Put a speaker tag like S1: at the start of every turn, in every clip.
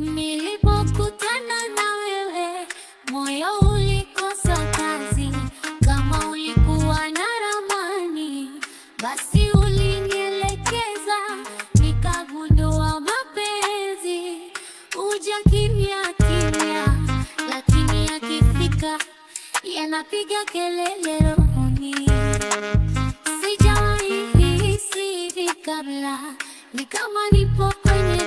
S1: Nilipokutana na wewe moyo ulikosa kazi. Kama ulikuwa na ramani, basi ulinielekeza, nikagundua mapenzi uja kimya kimya, lakini yakifika yanapiga kelele rohoni. Sijawahi hisi hivi kabla, ni kama nipo kwenye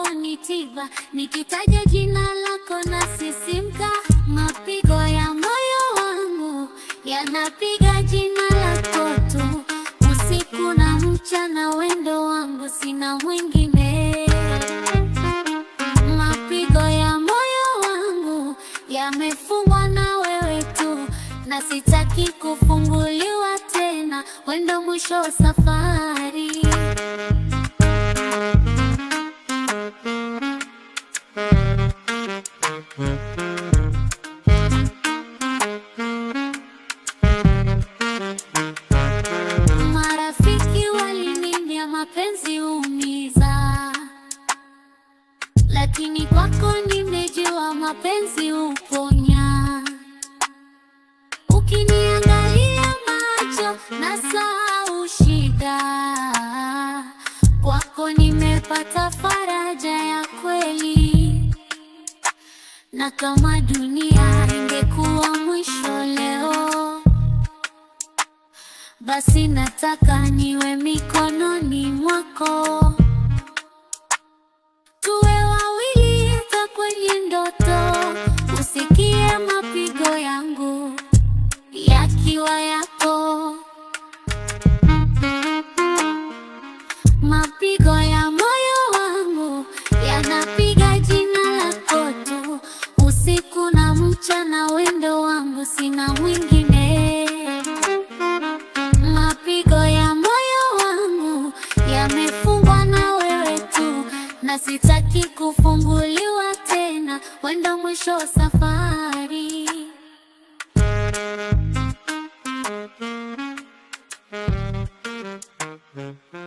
S1: yako ni tiba, nikitaja jina lako na nasisimka, mapigo ya moyo wangu yanapiga jina lako tu, usiku na mchana, wendo wangu sina mwingine, mapigo ya moyo wangu yamefungwa na wewe tu, na sitaki kufunguliwa tena, wendo mwisho wa safari
S2: Lakini kwako nimejua mapenzi uponya. Ukiniangalia macho nasahau shida, kwako nimepata faraja ya kweli. Na kama dunia ingekuwa mwisho leo, basi nataka niwe mikononi mwako. maziwa yako, mapigo ya moyo wangu yanapiga jina lako tu, usiku na mchana, wendo wangu sina mwingine. Mapigo ya moyo wangu yamefungwa na wewe tu, na sitaki kufunguliwa tena, wendo mwisho wa safari Mm-hmm.